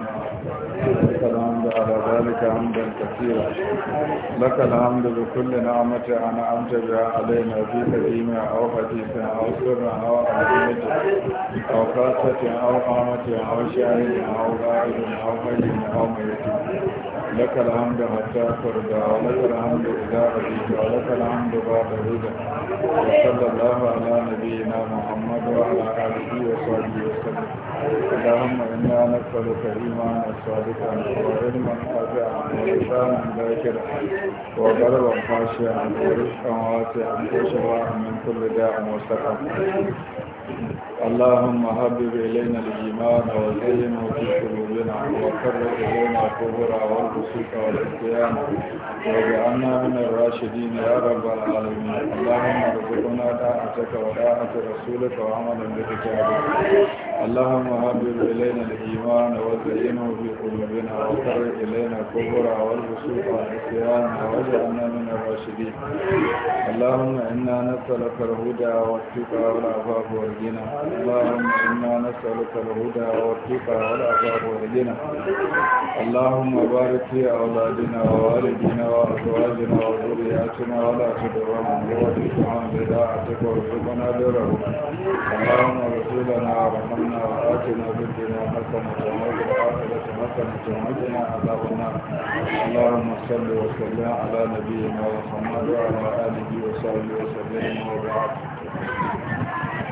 لك الحمد على ذلك حمدا كثيرا لك الحمد بكل نعمة أنعمت بها علينا في كريمة أو حديثة أو سرة أو علانية أو خاصة أو قامة أو شاهد أو غائب أو حي أو ميت لك الحمد حتى فرد ولك الحمد إذا رضيت ولك الحمد بعد هدى وصلى الله على نبينا محمد وعلى آله وصحبه وسلم اللهم إنا نسألك إيمانا صادقا وعلما نافعا ولسانا ذاكرا وقلبا خاشعا ورزقا واسعا وشفاء من كل داع وسقم اللهم هبب إلينا الإيمان وزينه وفي قلوبنا وكره إلينا الكبرى والفسوق والعصيان واجعلنا من الراشدين يا رب العالمين اللهم ارزقنا طاعتك وطاعة رسولك وعملا بكتابك اللهم هبب إلينا الإيمان وزينه وفي قلوبنا وكره إلينا الكبرى والفسوق والعصيان واجعلنا من الراشدين اللهم إنا نسألك الهدى والتقى والعفاف والغنى والجنة اللهم إنا نسألك الهدى والتقى والعذاب والجنة اللهم بارك في أولادنا ووالدنا وأزواجنا وذرياتنا ولا تدرهم بوجههم بداعتك وارزقنا برهم اللهم رسولنا ورحمنا وآتنا بالدنيا حسنة وفي الآخرة حسنة وعدنا عذاب النار اللهم صل وسلم على نبينا محمد وعلى آله وصحبه وسلم وبعد Thank you.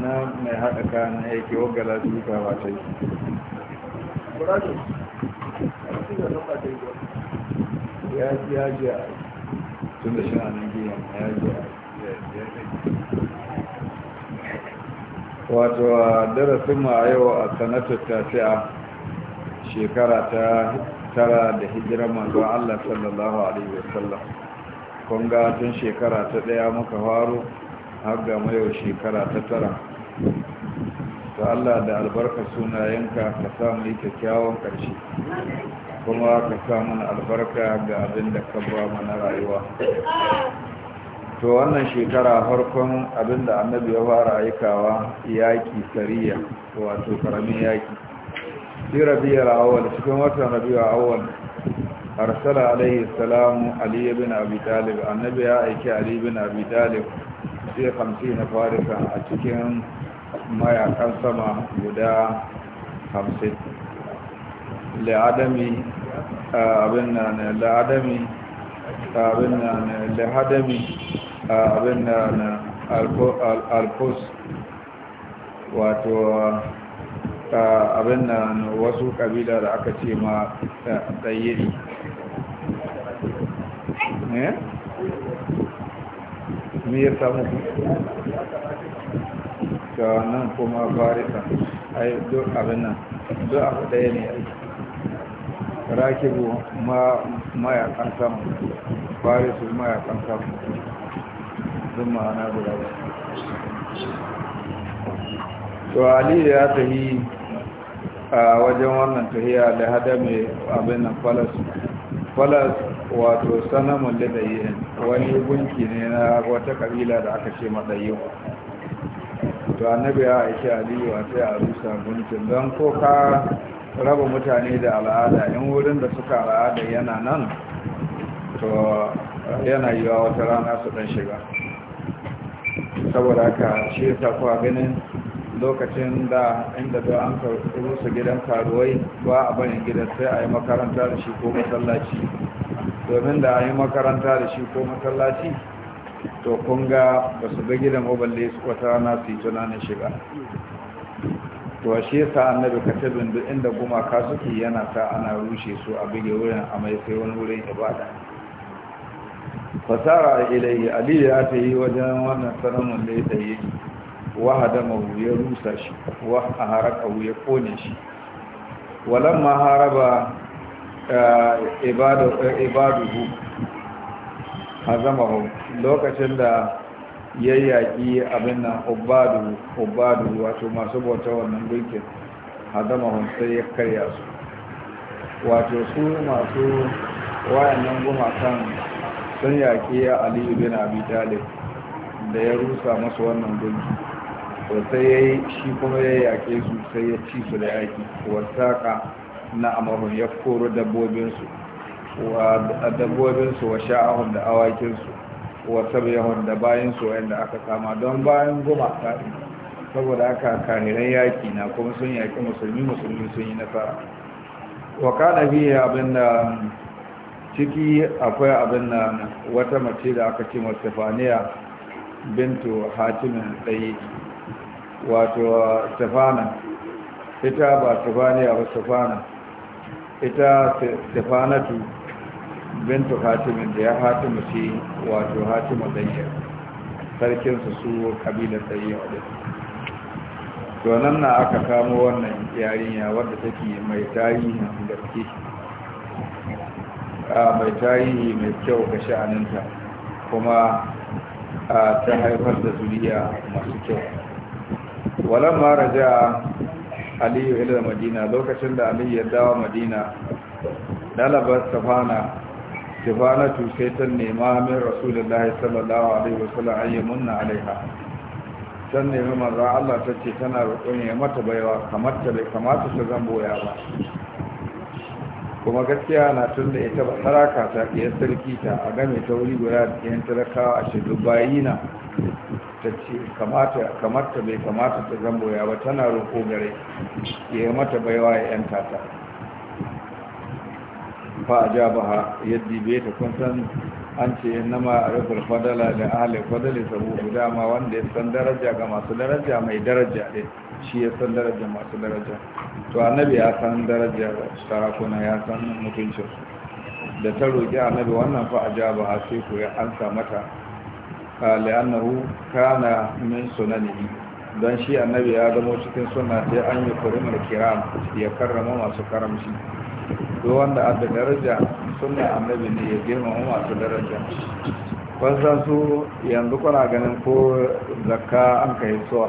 ina mai haɗa kayan yake wagala su yi ba ta yi ya ji ya ji a tun da shan anan giyan ya ji a darasin ma yau a sanatar tasi'a shekara ta tara da hijirar manzon Allah sallallahu alaihi wasallam kunga tun shekara ta daya muka faro har ga mayau shekara ta tara da Allah da albarka sunayenka ka samu yi kyakkyawan ƙarshe kuma ka samu albarka ga abin da ka ba mana rayuwa to wannan shekara harkon abin da annabi ya fara aikawa yaƙi sariya wato ƙaramin yaƙi fi rabiyar awal cikin watan rabiyar awal arsala alaihi salamu ali bin abi talib annabi ya aiki ali bin abi talib sai 50 na farisa a cikin mayakan sama guda hamsin la'adami abin na ne la'adami abin na ne la'adami abin na ne alfus wato abin na wasu kabila da aka ce ma ɗayyiri ne? Eh? mi ya samu cewa nan kuma farisa ai duk abin nan duk abu ɗaya ne yi. rakibu ma mayakan sama farisu mayakan sama duk ma'ana guda ba to aliyu ya yi a wajen wannan tahiya da hada mai abin nan falas falas wato sanamun da wani gunki ne na wata kabila da aka ce matsayiwa to annabi ya aiki aliyu a sai a rusa gunkin don ko ka raba mutane da al'ada in wurin da suka al'ada yana nan to yana wa wata rana su dan shiga saboda ka shi ta kuwa ganin lokacin da inda da an karu su gidan karuwai ba a bayan gidan sai a yi makaranta da shi ko masallaci domin da a yi makaranta da shi ko masallaci to kun ga ba su ga gidan oballe su wata rana su yi tunanin shiga to shi yasa annabi katabin duk inda gumaka suke yana sa ana rushe su a bige wurin a mai sai wani wurin ibada fasara ilayi ali ya ta yi wajen wannan sanamun da ya tsaye wahada mahu ya rusa shi wa a haraka ya kone shi walamma haraba eh, ibadu eh, hazamahu lokacin da yayyaki abin nan ubadu ubadu wato masu bauta wannan gunkin hazamahu sai ya karya su wato su masu wayannan gumakan sun yaƙi aliyu bin abi talib da ya rusa masu wannan gunki to sai ya yi shi kuma ya yaƙe su sai ya ci su da yaƙi wasaƙa na amurin ya koro dabbobinsu wa dabbobinsu wa sha'ahun da awakinsu wa sabiyahun da bayansu wanda aka kama don bayan goma gumaka saboda aka kanirai yaki na kuma sun yaki musulmi musulmi sun yi nasara wa kana bi abin da ciki akwai abin da wata mace da aka ce stefania bintu hatimin tsaye wato stefana ita ba stefaniya ba stefana ita stefanatu bintu hatimin da ya hatimu ce wato hatimu ɗayyar sarkinsu su kabila ɗayyar da to nan na aka kamo wannan yarinya wadda take mai tarihin gaske mai tarihi mai kyau ga sha'aninta kuma ta haifar da zuriya masu kyau walan mara ja aliyu ila madina lokacin da aliyu ya dawo madina dalabar safana tibanatu sai ta nema min rasulullahi sallallahu alaihi wasallam an yi munna alaiha can nemi manzo Allah ta ce tana roƙon ya mata baiwa kamar ta bai kamata ta zan boya ba kuma gaskiya na tun da ita ba saraka ta ɗiyar sarki ta a game ta wuri guda da ɗiyan talakawa a shidu bayi na ta ce kamar ta bai kamata ta zan boya ba tana roƙo gare ya mata baiwa ya 'yan tata fa ajabaha yaddi bai ta kun san an ce nama rufar fadala da ahalin fadali saboda dama wanda ya san daraja ga masu daraja mai daraja ne shi ya san daraja masu daraja to annabi ya san daraja sarakuna ya san mutuncin da ta roƙi annabi wannan fa ba sai ku ya ansa mata la'annahu kana min sunanihi dan shi annabi ya zama cikin sunna sai an yi karimar kiram ya karrama masu karamci duk wanda a da daraja suna annabi ne ya girmama masu daraja wasan su yanzu kuna ganin ko zakka an ka yi suwa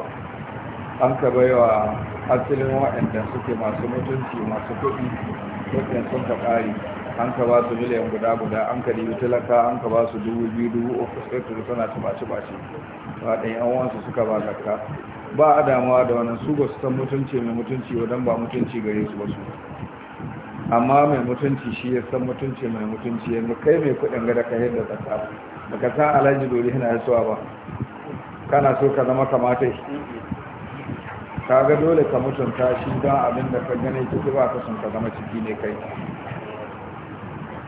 an ka bai wa asalin waɗanda suke masu mutunci masu kuɗi kuɗin sun ka ƙari an ka ba su miliyan guda guda an ka ɗibi talaka an ka ba su dubu biyu dubu uku sai su suna tubaci baci ba ɗan yan uwansu suka ba zakka ba a damuwa da wannan su ba su san mutunci mai mutunci wadan ba mutunci gare su ba su amma mai mutunci shi ya san mutunci mai mutunci yanzu kai mai kudin gada ka yadda ka sa ba ka alhaji dole yana yasuwa ba kana so ka zama kamata ka ga dole ka mutunta shi don abin da ka gane ciki ba ka sun ka zama ciki ne kai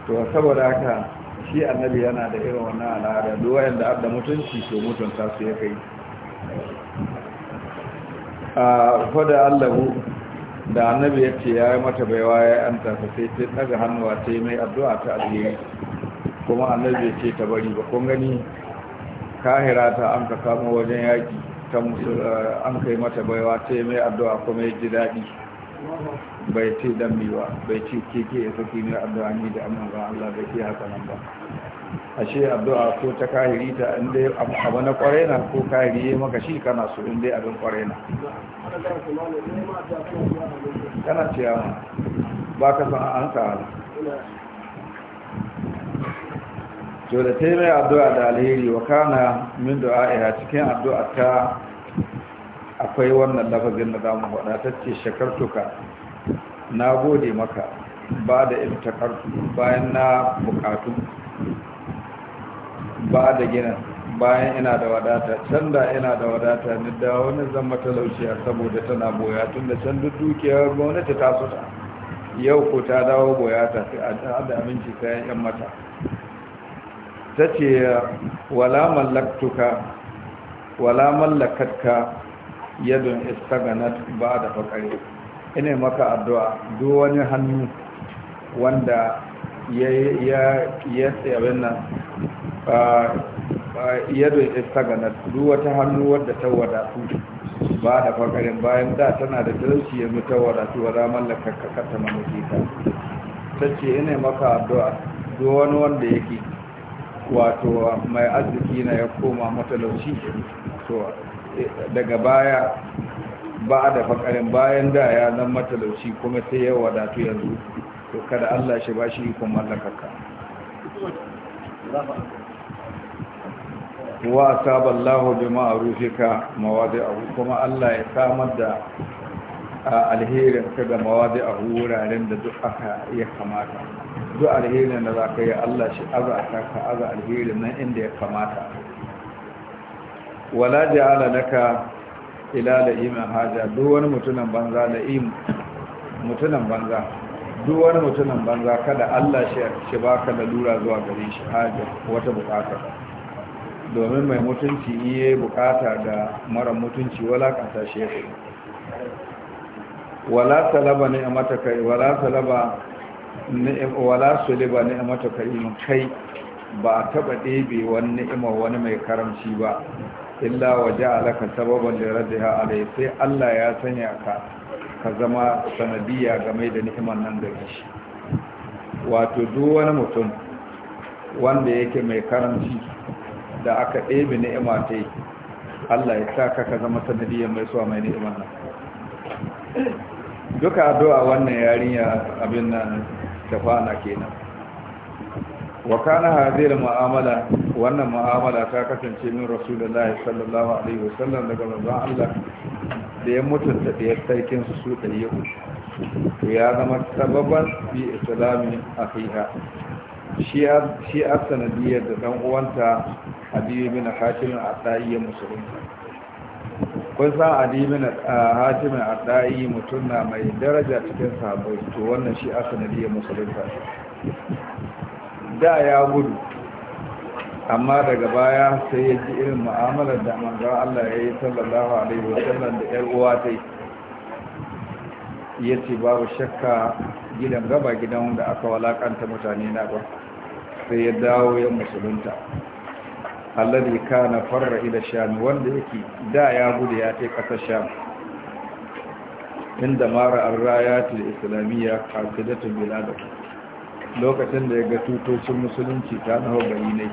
to saboda haka shi annabi yana da irin wannan al'ada duk wanda abda mutunci to mutunta su ya kai a ah, fada allahu da annabi ya ce ya yi mata baiwa ya an tafi sai ta daga hannuwa ta yi mai addu'a ta alheri kuma annabi ya ce ta bari ba kun gani kahira ta an ka kamo wajen yaƙi, ta eh, an kai mata baiwa ta yi mai addu'a kuma ya ji daɗi bai ce dan ba bai ce keke ya saki mai addu'a ni da amma ba Allah bai ke haka nan ba ashe addu'a ko ta kahiri ta in abu na kwarai ko kahiri ya maka shi kana so in dai abin kwarai kana ciya ma ba ka san an ka to da mai addu'a da alheri wa kana min du'a cikin addu'a ta akwai wannan lafazin da zamu faɗa ta shakartuka na gode maka ba da ibtakartu bayan na bukatu ba da gina bayan ina da wadata can da ina da wadata ni da wani zan matalauciya saboda tana boya tun da can duk dukiyar gwamnati ta suta yau ko ta dawo boya ta fi da aminci kayan yan mata ta ce wala mallaktuka wala mallakatka yadon istaganat ba da fakari ina maka addu'a duk wani hannu wanda ya ya ya tsayabin nan yadda gana duk wata hannu wadda ta wadatu ba da fakarin bayan da tana da talauci yanzu ta wadatu wa zaman da kakkakata mamaki ta ta ce ina maka addu'a duk wani wanda yake wato mai arziki na ya koma matalauci to daga baya ba da fakarin bayan da ya zan matalauci kuma sai ya wadatu yanzu to kada Allah shi ba shi ikon mallakaka wa asaba Allahu bi ma'rufika mawadi'ahu kuma Allah ya samar da alherin ka ga mawadi'ahu wuraren da duk aka iya kamata duk alherin da zaka yi Allah shi azaka ka aza alherin nan inda ya kamata wala ja'ala laka ila la'im haja duk wani mutunan banza la'im mutunan banza duk wani mutunan banza kada Allah shi baka da lura zuwa gare shi haja wata bukata domin mai mutunci iya bukata da mara mutunci wala kasa ya wala talaba a matakai wala talaba wala suliba kai kai ba a taba ɗebe wani ni'ima wani mai karamci ba illa waje alaka sababan da ya alai sai Allah ya sanya ka ka zama sanadiyya game da ni'imar nan da shi wato duk wani mutum wanda yake mai karamci da aka ɗebe ni'ima ta yi Allah ya sa ka zama sanadiyar mai suwa mai ni'ima na duka addu'a wannan yarinya abin nan na kenan wa kana hadir mu'amala wannan mu'amala ta kasance min rasulullahi sallallahu alaihi wasallam daga manzon Allah da ya mutunta da sarkin su su yau to ya zama sababan bi islami akhiha shi shi sanadiyar da dan uwanta adiyu hatimin adda'i ya musulunta kun san adibin uh, hatimin mutum na mai daraja cikin sahabbai to wannan shi asanadiyar musulunta da ya gudu amma daga baya sai ya ji irin ma'amalar da manzan Allah ya yi sallallahu alaihi wasallam da ƴar uwa ta ya ce babu shakka gidan gaba gidan da aka walakanta mutane na ba sai ya dawo yin musulunta alladhi kana farra ila sham wanda yake da ya gudu ya kai kasar sham inda mara arrayatul islamiyya qasidatu bilad lokacin da ya ga tutocin musulunci ta nawa bayi ne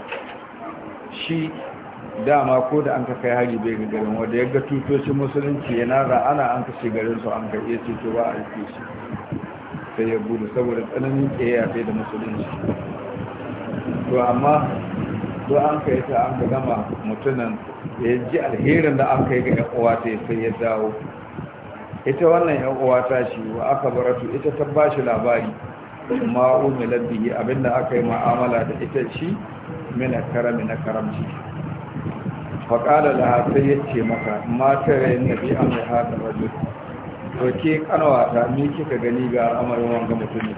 shi dama ko da an ka kai hari bai ga garin wanda ya ga tutocin musulunci yana da ana an kashe garin su an kai yace to ba a yi shi sai ya gudu saboda tsananin tsayayya da musulunci to amma don an kai ta an ga gama mutunan ya ji alherin da an kai ga yan uwa ta sai ya dawo ita wannan yan shi wa aka baratu ita ta ba shi labari ma umilar labbihi abinda aka yi ma'amala da ita shi mina karami na karamci faƙala da sai ya ce maka matar yin nabi an mai hada rajul to ke kanwa ta ni kika gani ga amarin wanga mutumin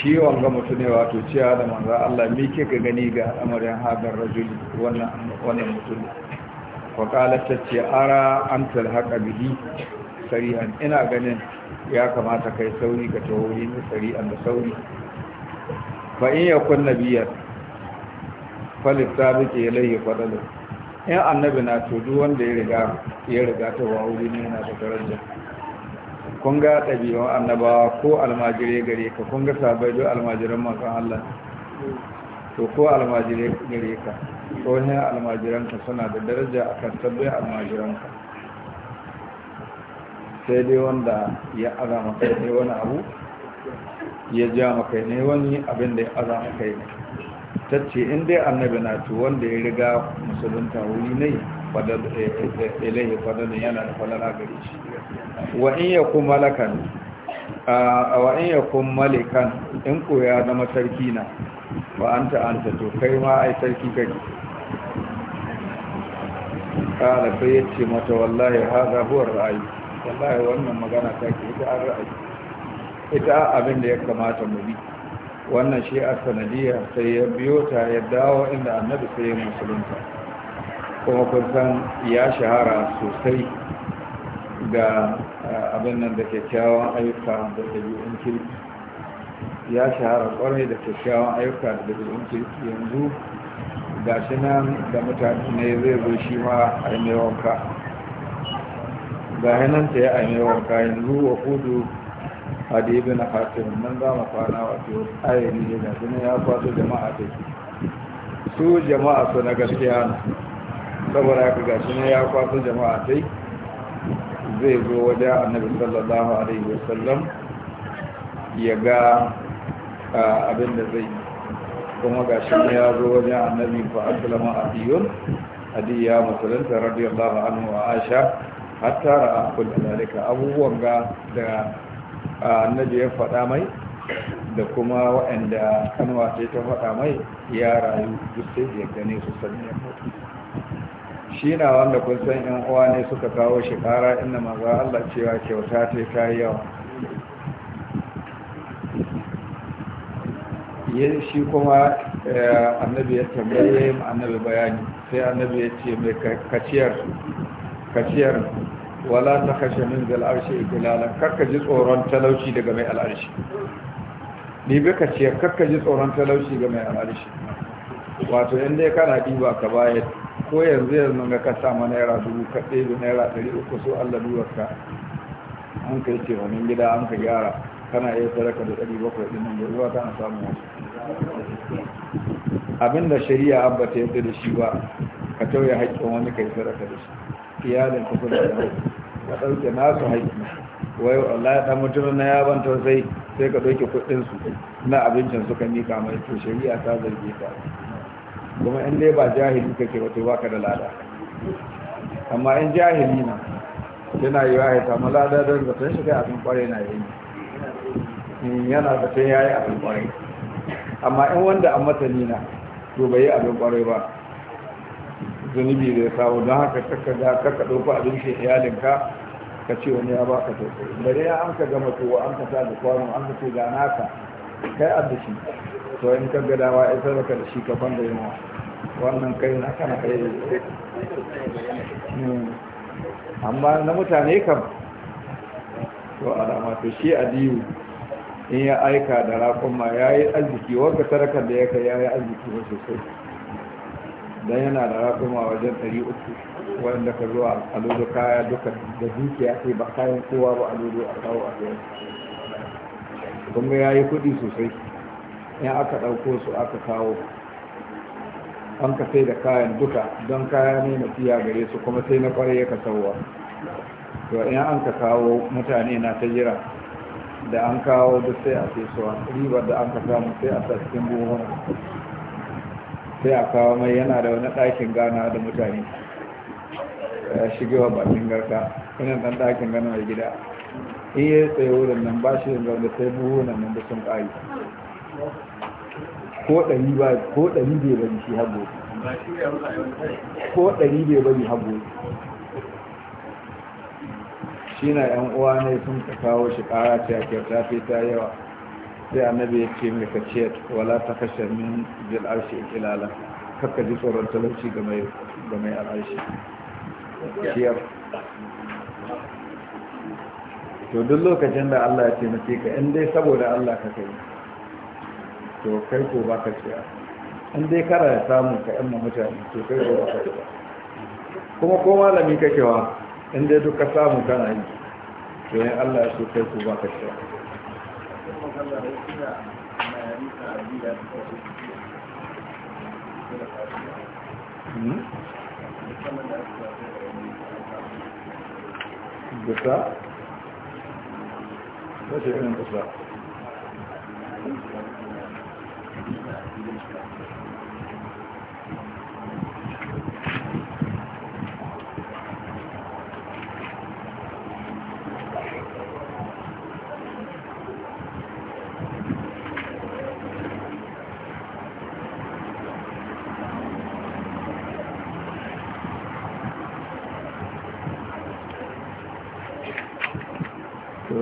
Ciwon ga mutum wato cewa da manzo Allah me ka gani ga amarin hadar rajuli wannan wannan mutum wa qalat tati ara antal haqa bihi sari'an ina ganin ya kamata kai sauri ka tawuri ne sari'an da sauri fa in ya yakun nabiyyan falitabiki ilayhi fadalu in annabi na to duk wanda ya riga ya riga ta wuri ne na da daraja kun ga ɗabi'un annabawa ko almajire gare ka kun ga sabai don almajiran masu Allah to ko almajire gare ka ko ne almajiranka suna da daraja a kan sabbin almajiranka sai dai wanda ya azama kai ne wani abu ya ja maka ne wani abin da ya azama kai ne tacce in dai annabi na to wanda ya riga musulunta wuri ne Eh, eh, eh, ilaihi fadlan yana da falala gare shi wa in yakum malakan wa in yakum malikan in koya na zama sarki na wa anta anta to kai ma a yi sarki kake kala sai ya ce mata wallahi haza huwa ra'ayi wallahi wannan magana ta ke ita an ra'ayi ita abin da ya kamata mu bi wannan shi a sanadiyya sai ya biyo ta ya dawo inda annabi sai ya musulunta kuma kun san ya shahara sosai ga abin nan da kyakkyawan ayyuka da ɗabi'un kirki ya shahara kwarai da kyakkyawan ayyuka da ɗabi'un kirki yanzu ga shi nan da mutane ne zai zo shi ma a yi wanka ga hannun ta ya a yi wanka yanzu wa kudu hadi na hatim nan za mu kwana wato ayari ne ga shi ya kwato jama'a take su jama'a su na gaskiya saboda haka ga shi ya kwaso jama'a sai zai zo wajen annabi sallallahu alaihi wasallam ya ga abin da zai kuma ga shi ya zo wajen annabi fa aslama adiyun adiya musulunta radiyallahu anhu wa aisha hatta ra'a kullu dalika abubuwan ga da annabi ya faɗa mai da kuma waɗanda kanwa ce ta faɗa mai ya rayu duk sai ya gane su sanya mutu shi na wanda kun san yan uwa ne suka kawo shi kara inda maza? Allah cewa kyauta ta yi yawa yin shi kuma eh, annabi ya tambaye annabi bayani sai annabi ya ce mai kaciyar kaciyar wala ta kashe min zal arshi ikilala karka ji tsoron talauci daga mai al'arshi ni bi kaciyar karka ji tsoron talauci ga mai al'arshi wato yadda ya kana diba ka bayan ko yanzu yanzu ga ka sama naira dubu kaɗe da naira ɗari uku so allah duwarka an kai yi wani gida an ka gyara kana iya sadaka da ɗari bakwai ɗin nan yanzu ta na samu wasu da shari'a abba ta yadda da shi ba ka tauye haƙƙin wani ka yi sadaka da shi iyalin ka kula da ka ɗauke nasu haƙƙi wai Allah ya ɗan mutumin na yaban tausayi sai ka ɗauke kuɗinsu na abincin suka miƙa mai to shari'a ta zarge ka kuma in dai ba jahili kake wato baka da lada amma in jahili na yana yi ya samu lada don zaton shi kai abin kwarai na yi hmm, yana zaton ya yi abin kwarai amma in wanda an matani na to bai yi abin kwarai ba zunubi da ya samu don haka kakka ga kakka ɗauka abin shi iyalinka ka ce wani ya baka tausayi bare ya an ka gama to an ka sa da kwano an ka ce ga naka kai abu shi to in ka ga dawa, ya sadaka da shi ka banda yawa wannan kai na kana kai hmm. amma na mutane kam to alama to shi a diyu in ya aika da rakon ma ya yi arziki wanka tarakar da ya kai ya yi arziki ba sosai don yana da rakon ma wajen 300 wanda ka zo a lodo kaya duka da dukiya sai ba kayan kowa ba a lodo a kawo a yau kuma ya yi kudi sosai in aka ɗauko su aka kawo an ka sai da kayan duka don kaya ne na fiya gare su kuma sai na kwarai ya kasarwa to in an ka kawo mutane na ta jira da an kawo duk sai a fesuwa ribar da an ka samu sai a sassin buhun sai a kawo mai yana da wani ɗakin gana da mutane shigewa bakin garka irin ɗan ɗakin gana mai gida iya tsaye wurin nan ba shi da sai buhunan nan da sun ƙari ko ɗari bai bari shi hago ko ɗari bai bari hago shi na ‘yan uwa ne sun ka kawo shi ƙara ta kyauta fi ta yawa sai annabi ya ce mai kace wala ta kashe min jil arshi ilala, kakka ji tsoron talauci ga mai al'arshi to duk lokacin da Allah ya ce taimake ka in dai saboda Allah ka kai to kai ko ba ka ciya in dai kara ya samu ka yan mutane to kai ko ba ka ciya kuma ko malami kakewa in dai duk ka samu kana yi to yan Allah ya so kai ko ba ka ciya hmm? Bisa? wace irin kusa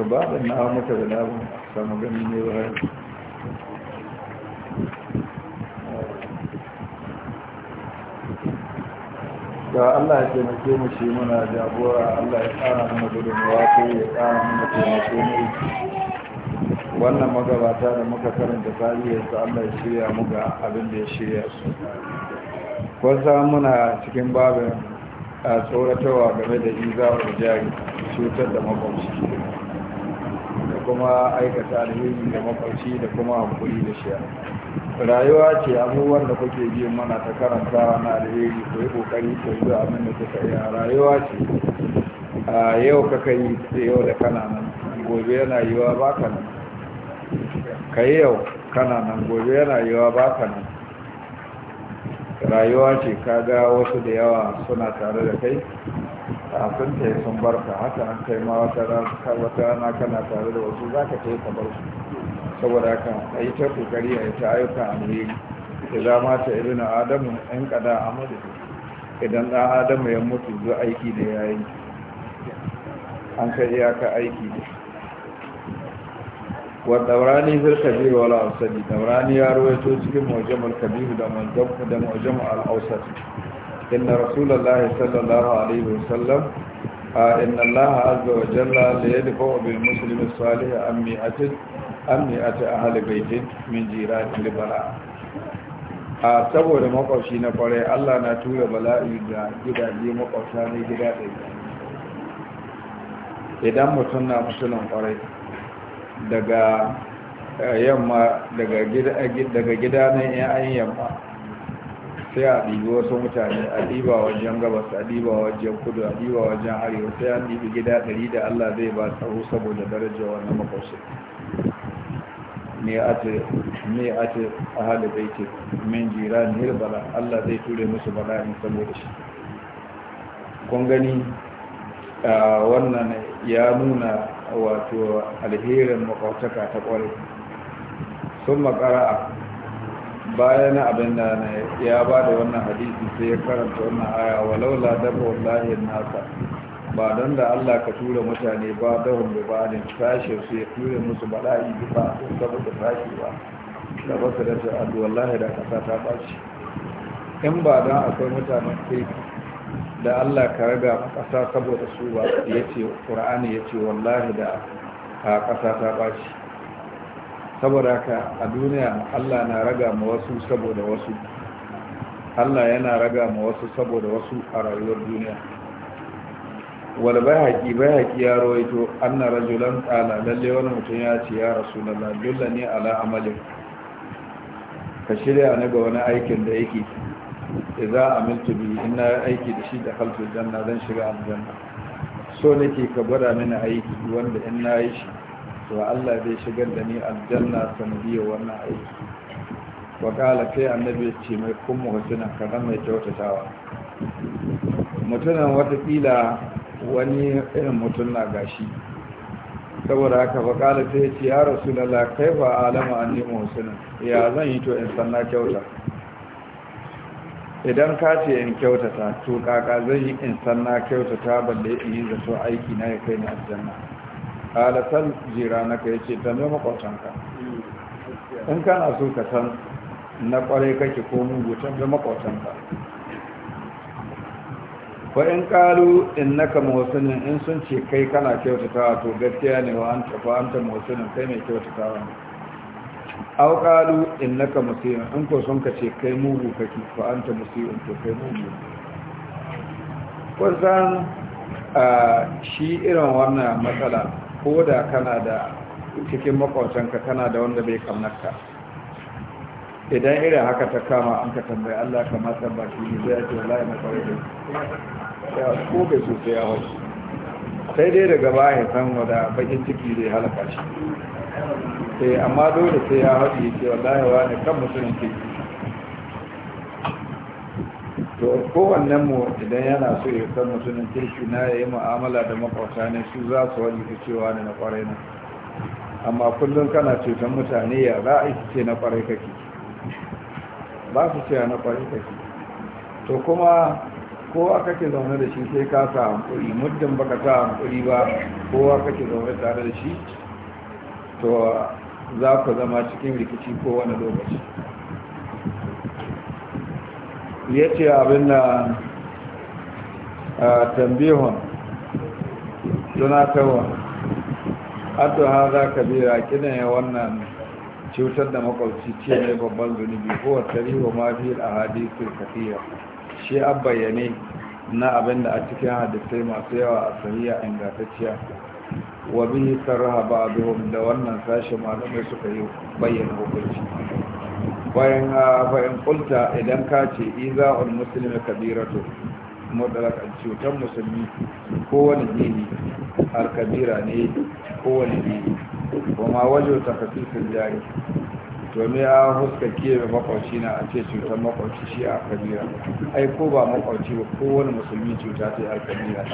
babin na hau maka da labin ganin ne ba da Allah ya taimake mu shi muna jagora Allah ya tsara mana gudunmawa wato ya tsara mana taimako ne wannan magabata da muka karanta tarihinsu Allah ya shirya mu ga abin da ya shirya su kwasa muna cikin babin a tsoratarwa game da iza jari cutar da makwamci kuma aikata alheri da makwabci da kuma hankuri da shiya rayuwa ce abubuwan da kuke ji mana ta karanta na alheri ko yi kokari ko yi abin da kuka yi rayuwa ce a yau kai yi yau da kana nan gobe yana yiwa wa baka nan ka yi yau kana nan gobe yana yiwa wa baka nan rayuwa ce ka ga wasu da yawa suna tare da kai sun ta sun ka haka an kai ma wata rana kana tare da wasu za ka ta yi kamar su saboda haka a yi ta kokari a yi ta ayyuka da za ma ta irin adamu yan kada a madadi idan ɗan adamu ya mutu zuwa aiki da ya yi an kai iyaka aiki da wa daurani fil kabir wal awsadi daurani ya ruwaito cikin mujammal kabir da mujammal al awsadi إن رسول الله صلى الله عليه وسلم إن الله عز وجل ليدفع بالمسلم الصالح أم مئة أم مئة أهل بيت من جيران البلاء a saboda makwaushi na kwarai Allah na tura bala'i ga gidaje makwauta ne gida ɗaya idan mutum na musulun kwarai daga yamma daga gida na yan yamma sai a ɗibi wasu mutane a ɗiba wajen gabas a ɗiba wajen kudu a ɗiba wajen arewa sai an ɗibi gida ɗari da allah zai ba tsaro saboda daraja wannan makwashi ne a ce a hada baiti min jira ne bala allah zai ture musu Bala in saboda shi kun gani wannan ya nuna wato alherin makwataka ta kwarai sun makara bayan abin da ya ba da wannan hadisi sai ya karanta wannan aya walaula dafa wallahi nasa ba don da Allah ka tura mutane ba dahun da ba'adin sashe su ya tura musu bala'i duka sun gaba da sashe ba da ba su da ta'addu wallahi da kasa ta ɓaci in ba don akwai mutanen kai da Allah ka raga kasa saboda su ba ya ce ƙura'ani ya ce wallahi da a kasa ta ɓaci saboda ka a duniya allah na raga ma wasu saboda wasu allah yana raga ma wasu saboda wasu a rayuwar duniya wal bayhaqi bayhaqi ya rawaito anna rajulan qala lalle wani mutum ya ce ya rasulullah dullani ala amalin ka shirya ne ga wani aikin da yake idza amiltu bi inna aiki da shi da haltu janna zan shiga aljanna so nake ka gwada mini aiki wanda in na yi shi to Allah zai shigar da ni aljanna sanadiyar wannan aiki wa kala kai annabi ya ce mai kun ka kaza mai kyautatawa mutunan watakila wani irin mutum na gashi saboda haka wa kala sai ya ce ya rasulullah kai ba alama anni muhsina ya zan yi to in san na kyauta idan ka ce in kyautata to kaka zan yi in san na kyautata balle in yi zato aiki na ya kai ni aljanna kala san jira na ka yace tambaye makwatanka in kana so ka san na kwarai kake ko mugu tambaye makwatanka ko in kalu innaka muhsinin in sun ce kai kana kyautatawa to gaskiya ne wa tafa an ta muhsinin kai mai kyautatawa ne aw in innaka musiyin in ko sun ka ce kai mugu kake an ta musiyin to kai mugu kun san ah, shi irin wannan matsala ko da kana da cikin makwancanka kana da wanda bai kamnarka idan irin haka ta kama an ka tambayi Allah ka matan baki ne zai ake wala na kawai da ko bai so sai ya sai dai daga bayan san wada bakin ciki zai halaka shi eh amma dole sai ya haɗi ya ce wallahi wani kan mutumin ciki to kowannen mu idan yana so ya san mutumin kirki na ya yi mu'amala da makwasa ne su za su wani cewa ne na kwarai na amma kullum kana cutar mutane ya za a ce na kwarai kake ba su cewa na kwarai kake to kuma kowa kake zaune da shi sai ka sa hankuri muddin baka sa hankuri ba kowa kake zaune tare da shi to za ku zama cikin rikici kowane lokaci ya ce abin da tambihon tunatarwa ato ha za ka bera kina ya wannan cutar da makwabci ce ne babban zunubi ko tari wa mafi a hadisun kafiya shi an bayyane na abin da a cikin hadisai masu yawa a sahiya ingantacciya wa bihi sarraha ba'dhum da wannan sashen malamai suka yi bayyana hukunci bayan bayan ah, kulta idan ka ce iza'ul muslimi kabiratu mutlaq cutar musulmi kowane dini har kabira ne kowane dini kuma wajo takasisul jari to me ya huska kewa makwauci na a ce cutar makwauci shi a kabira ai ko ba makwauci ba kowane musulmi cuta ta yi kabira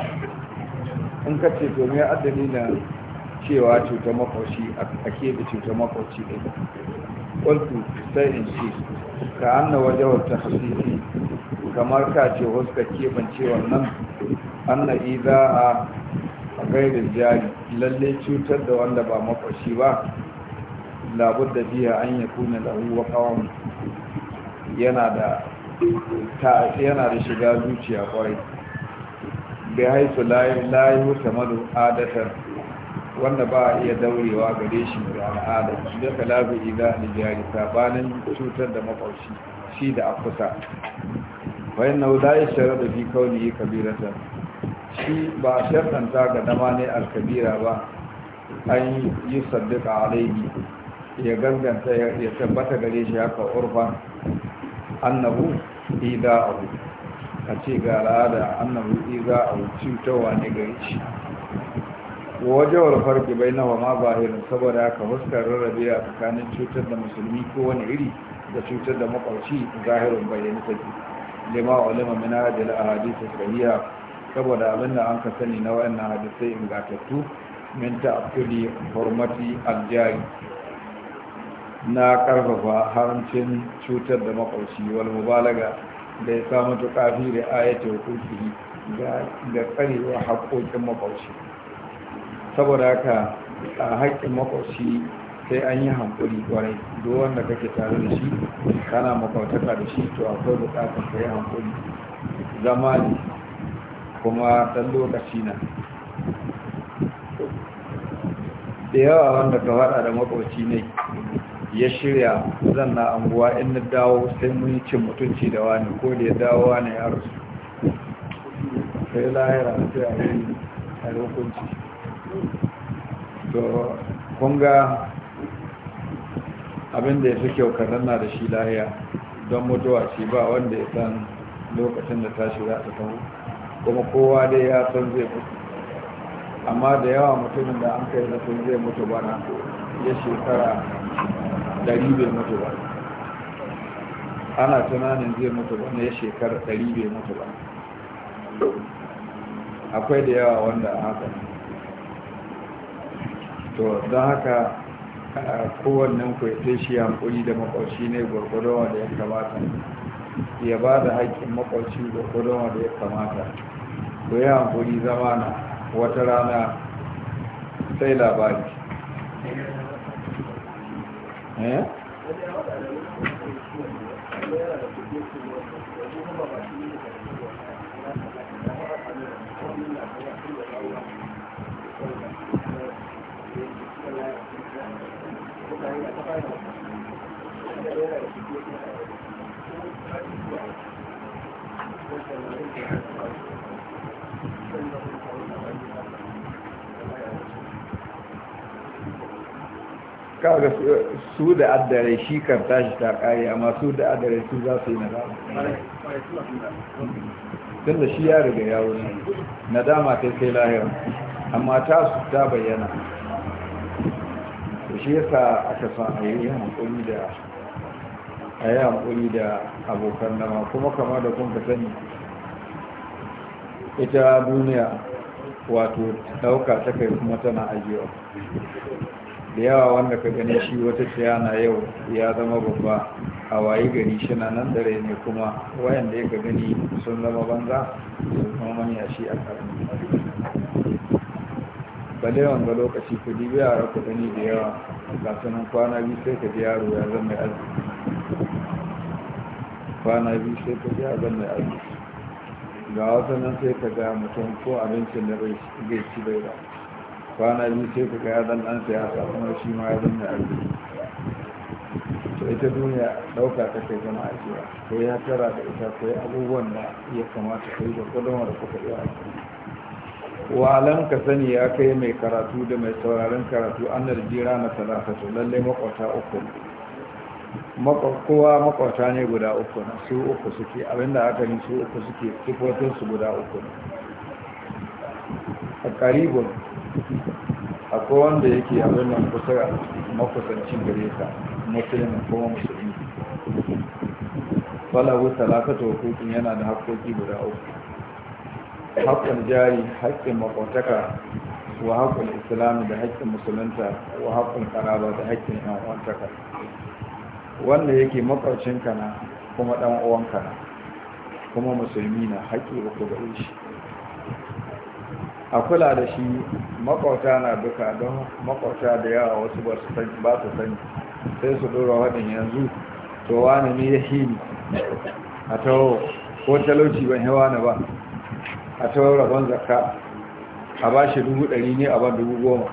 in ka ce to me ya adali cewa cutar makwauci a da cutar makwauci ne. ƙultu sai in ce ka hanna wajewar kamar ka ce wasu ka keɓancewar nan anna iza a gairin jari lalle cutar da wanda ba makwashi ba labud da biya an ya kuna da huwa kawon yana da shiga zuciya kwarai bai haisu layi wuce madu adatar wanda ba a iya daurewa gare shi da al'ada da kalabi idan nijari sabanin cutar da makwauci shi da akusa Wai na wuda ya shara da fi kauni ta shi ba a ta ga dama ne al-Kabira ba an yi saddaka alaihi ya ganganta ya tabbata gare shi haka urfa annahu ida'u a ce ga al'ada annahu ida'u cutarwa ne gare shi wajewar farki bai nawa ma bahirin saboda haka huskar rarrabe a tsakanin cutar da musulmi ko wani iri da cutar da makwabci zahirin bayyana take lima wa lima mina da ta sahiha saboda abin da an ka sani na wayannan hadisai ingantattu minta ta'akkudi hurmati aljari na karfafa harancin cutar da makwabci wal mubalaga da ya samu tukafi da ayatu hukuki ga tsarewa haƙoƙin makwabci saboda haka a haƙƙin makwabci sai an yi hankuri kwarai duk wanda kake tare da shi kana makwautaka da shi to akwai buƙatar ka yi hankuri zama ne kuma ɗan lokaci na da yawa wanda ka faɗa da makwabci ne ya shirya zan na anguwa in na dawo sai mun yi cin mutunci da wani ko da ya dawo wani ya rasu sai lahira sai a yi hukunci to kunga abinda ya fi kyau na da shi lahiya don mutuwa shi ba wanda ya san lokacin da tashi za ta kawo kuma kowa dai ya san zai mutu amma da yawa mutumin da an kai zafin zai mutu bana ya shekara dari bai mutu ba ana tunanin zai mutu bana ya shekara dari bai mutu ba akwai da yawa wanda haka ne to don haka kowannen ku ya shi hankuli da makwashi ne gwargwadon da ya kamata ya ba da haƙƙin makwashi gwargwadon da ya kamata ku ya hankuli zama na wata rana sai labari eh? kaga su da addare shi kan tashi ta kare amma su da addare su za su yi nadama tun da shi ya riga ya wuce nadama ta sai lahira amma ta su ta bayyana shi yasa aka sa a yi hankali da a yi hankuli da abokan nama kuma kama da kun sani ita duniya wato ɗauka ta kai kuma tana ajiyewa da yawa wanda ka gani shi wata tsayana yau ya zama babba a wayi gari shi na nan dare ne kuma wayanda ya gani sun zama banza sun kuma manya shi a karni bale wanga lokaci ku dibi yara ku gani da yawa ga sanin kwana biyu sai ka ji yaro ya zama arziki kwana biyu sai ka ji abin da ake ga wata nan sai ka ga mutum ko abincin da bai ci bai ba kwana biyu sai ka ga ya dan ɗansa ya samu shi ma ya da ake to ita duniya ɗauka ta kai zama ba ko ya tara da ita ko ya abubuwan da ya kamata kai da kudin wanda kuka iya walan ka sani ya kai mai karatu da mai sauraron karatu an jira na to lallai makwata uku kowa makwata ne guda uku na su uku suke abinda aka yi su uku suke sifofinsu guda uku ne a karibin akwai wanda yake abin nan kusa makwasancin gare ta, musulmi kuma musulmi falahu talakata hukukin yana da haƙoƙi guda uku haƙƙin jari haƙƙin makwataka wa haƙƙin islami da haƙƙin musulunta wa haƙƙin karaba da haƙƙin yan wanda yake makwabcinka na kuma dan uwanka na kuma musulmi na haƙi uku ga shi a kula da shi makwauta na duka don makwauta da yawa wasu ba su sani sai su dora waɗin yanzu to wani ne ya shi ne a tawo ko talauci ban hewa na ba a tawo rabon zakka a ba shi dubu ɗari ne a ban dubu goma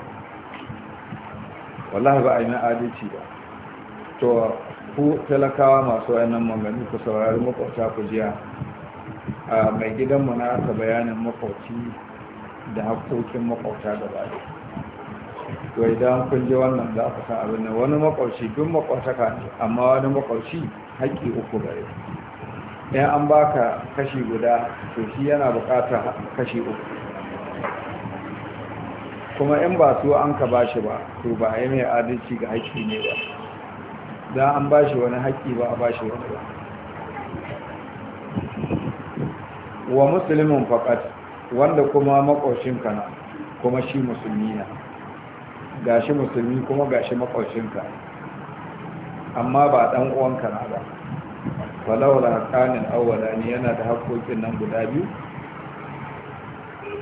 wallahi ba a yi na adalci ba to ku talakawa masu wayannan manganu ku saurari makwabta ku jiya a mai gidanmu na aka bayanin makwabci da hakokin makwabta da baya to idan kun ji wannan za ku san abin nan wani makwabci duk makwabtaka ne amma wani makwabci haƙƙi uku gare in an baka kashi guda to shi yana buƙatar kashi uku kuma in ba su an ka bashi ba to ba a yi mai adalci ga haƙƙi ne ba da an ba shi wani haƙƙi ba a ba shi wani ba wa musulmin faƙat wanda kuma makwashinka na kuma shi musulmi na ga shi musulmi kuma ga shi makwashinka amma ba ɗan uwanka na ba falawar haƙanin awwala ne yana da haƙƙoƙin nan guda biyu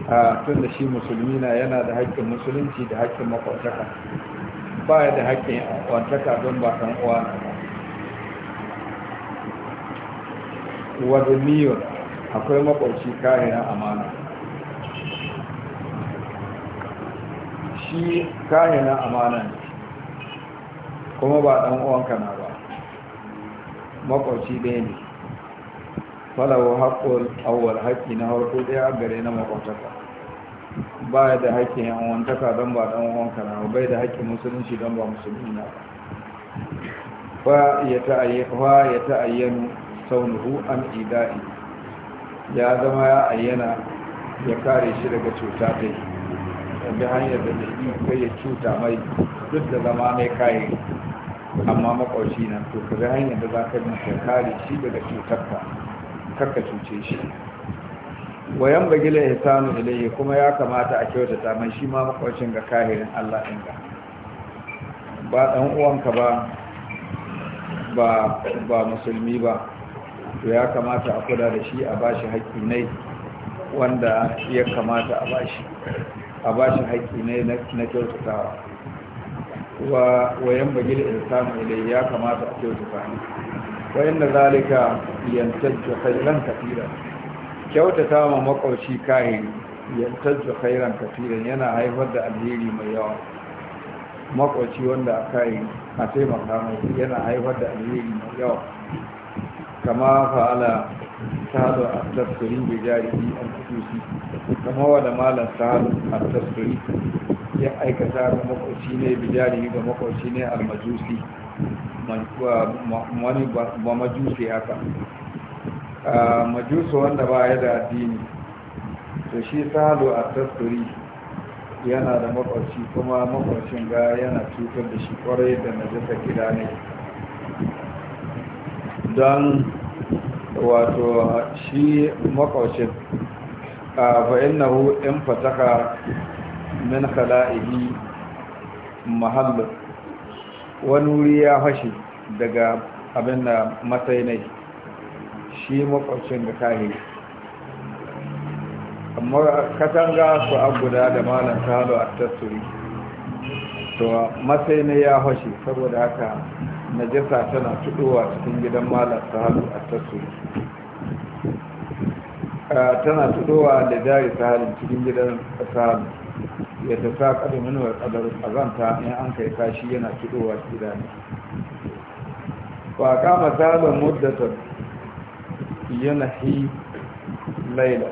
a tun da shi musulmi na yana da haƙƙin musulunci da haƙƙin makwashaka ba ya da haƙƙin wantaka don ba ɗan uwa wadda miyo, akwai makwauci kayan amana shi kayan amana kuma ba ɗan uwanka na ba makwarci ɗaya ne falawar haƙƙon awwal haƙƙi na harko ɗaya gare na makwautarka ba ya da haƙƙin yan wantaka don ba ɗan wanka na bai da haƙƙin musulunci don ba musulmi na fa ya ta'ayyanu saunuhu an ida'i ya zama ya ayyana ya kare shi daga cuta ta yi bi hanyar da yi kai ya cuta mai duk da zama mai kayi amma makwauci na to ka hanyar da za ka yi kare shi daga cutar ka kakka cuce shi wa yan ya ihsanu ilayhi kuma ya kamata a kyautata man shi ma makwacin ga kahirin Allah din ga ba dan uwanka ba ba ba musulmi ba to ya kamata a kula da shi a bashi haƙƙi ne wanda ya kamata a bashi a bashi haƙƙi ne na kyautatawa wa wa yan bagila ihsanu ilayhi ya kamata a kyautata wa inna zalika yantajju khayran katira kyautata ma makauci ya yantajju khairan kafiran yana haifar da alheri mai yawa makwaci wanda a kayi a taimaka mai yana haifar da alheri mai yawa kama fa'ala sa'adu a tasiri da jari'i a kususi kama wadda malar sa'adu a tasiri ya aikata ga makwaci ne bijari ga makwaci ne almajusi wani ba majusi haka majusu wanda ba ya da addini to shi salo a tasiri yana da makwarci kuma makwarcin ga yana cutar da shi kwarai da najasa gida ne don wato shi makwarcin a fa'innahu in fataka min kala'ihi mahallu wani wuri ya fashe daga abin da matsayi shi makwabcin da kayi amma katanga su abuda da malam kalo a tattori to matsayi ne ya hashe saboda haka najasa tana tudowa cikin gidan malam sahalu a tattori tana tudowa da jari sahalin cikin gidan sahalu ya ta sa kada minuwar kadar azanta in an kai kashi yana tudowa gidane ba kama tsarin muddatar yanahi laila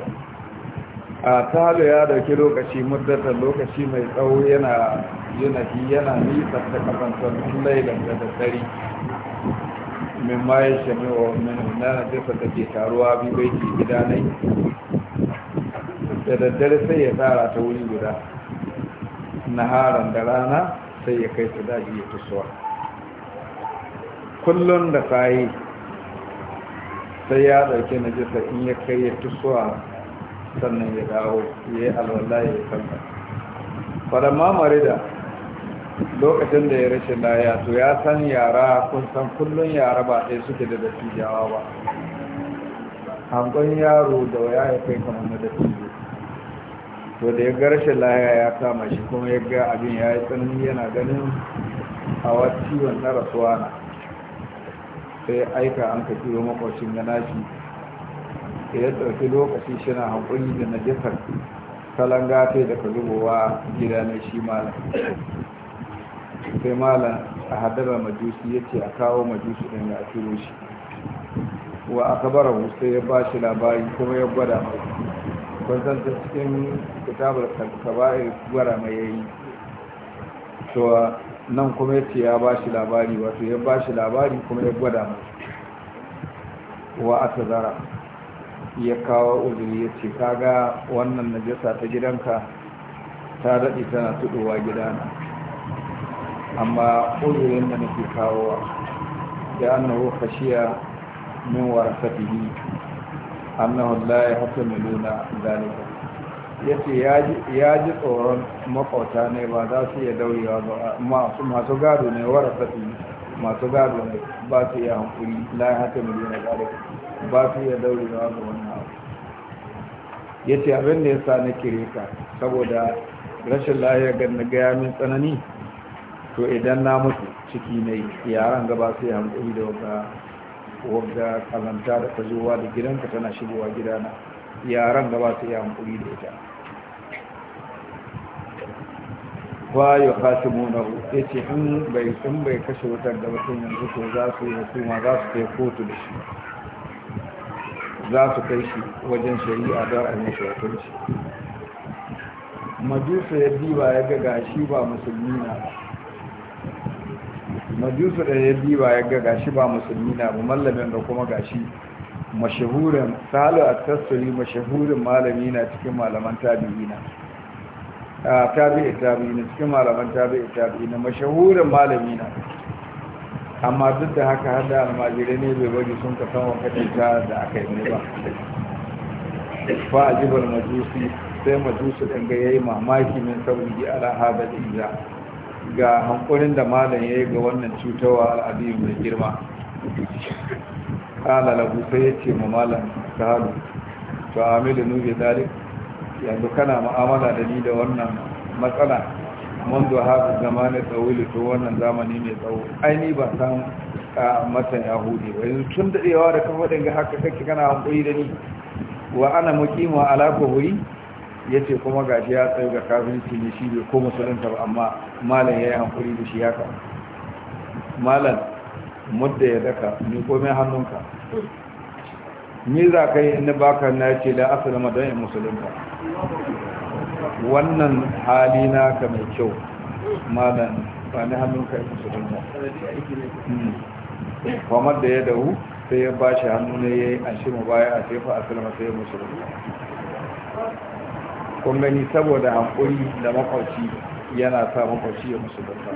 a hada ya dauki lokaci muddata lokaci mai tsawo yana yanahi yana nisa ta kasantar laila da daddare min maye shamiwa min na jefa da ke taruwa bi baiti gida nai da daddare sai ya tsara ta wuri guda na haran da rana sai ya kai ta daji ya tusuwa kullum da kayi sai ya dauke na jisa in ya kai ya tusuwa sannan ya dawo ya yi alwallah ya sallah mamari da. lokacin da ya rashe laya to ya san yara kun san kullum yara ba ɗaya suke da dattijawa ba hankon yaro da waya ya kai kamar na dattijo to da ya ga rashin laya ya kama shi kuma ya ga abin ya yi tsanani yana ganin a wata ciwon na rasuwa na sai aika an ka kiro makwacin ya nashi da ya ɗauki lokaci shi na da na jifar salon gafe da ka zubowa gida na shi malam sai malam a hadara majusi ya ce a kawo majusi ɗin a ciro shi wa aka bara sai ya ba shi labari kuma ya gwada mai kwanzan ta cikin kitabar kaba'ir gwada mai yayi nan kuma ya ce ya ba shi labari wato ya ba shi labari kuma ya gwada wa aka zara ya kawo uzuri ya ce kaga wannan najasa ta gidanka ta daɗe tana tuɗowa gidana amma uzurin da nake kawowa ya annahu khashiya min warasatihi annahu la yahtamiluna dhalika ya ce ya ji tsoron makwauta ne ba za su iya daurewa ba masu gado ne wara fati masu gado ne ba su iya hankuri layan haka miliyan gari ba su iya daurewa ga wannan abu ya ce abin da ya sa na kire ka saboda rashin lahiyar ganin gaya min tsanani to idan na mutu ciki ne yaran su iya hankali da wata wadda kalanta da ta zuwa da gidanka tana shigowa gidana yaran da ba su iya hankuri da ita ba ya kashi munahu ya ce in bai kashe wutar da mutum yanzu ko za su yi hukuma za su kai kotu da shi za su kai shi wajen shari'a don a ne shakunci majusa ya diba ya gaga shi ba musulmi na ba majusa da ya diba ya ga gashi ba musulmi na ba mallamin da kuma gashi mashahurin salu a tasiri mashahurin malami na cikin malaman tabi'ina a tabi'i na cikin malaman tabi'i na mashahurin malami na amma duk da haka hada almajirai ne bai bari sun kasan ta da aka yi ne ba fa ajibar majusi sai majusi ɗin ga ya yi mamaki min sauri ala hada da iya ga hankulin da malam ya yi ga wannan cutawa al'adu mai girma kala lagu sai ya ce mamalan sahalu to amilu nube dalib yanzu kana ma'amala da ni da wannan matsala mun da haɗu na tsawili to wannan zamani mai tsawo aini ba san matan yahudi ba yanzu tun daɗewa da kafa ɗin ga haka kake kana hankuri da ni wa ana mukimu ala huri ya ce kuma gashi ya tsaye ga kafinci ne shi bai ko musulunta ba amma malam ya yi hankuri da shi haka malam mudda ya daka ni komai hannunka ni za ka yi inda baka na ce da asalama don yin musulunta wannan hali na ka mai kyau malam ba ni hannunka yin musulunta hmm. kwamar da ya dawo sai ya ba shi hannu ne ya yi an shi baya a tefa asalama sai ya musulunta kun gani saboda hankuri da makwaci yana sa makwaci ya musulunta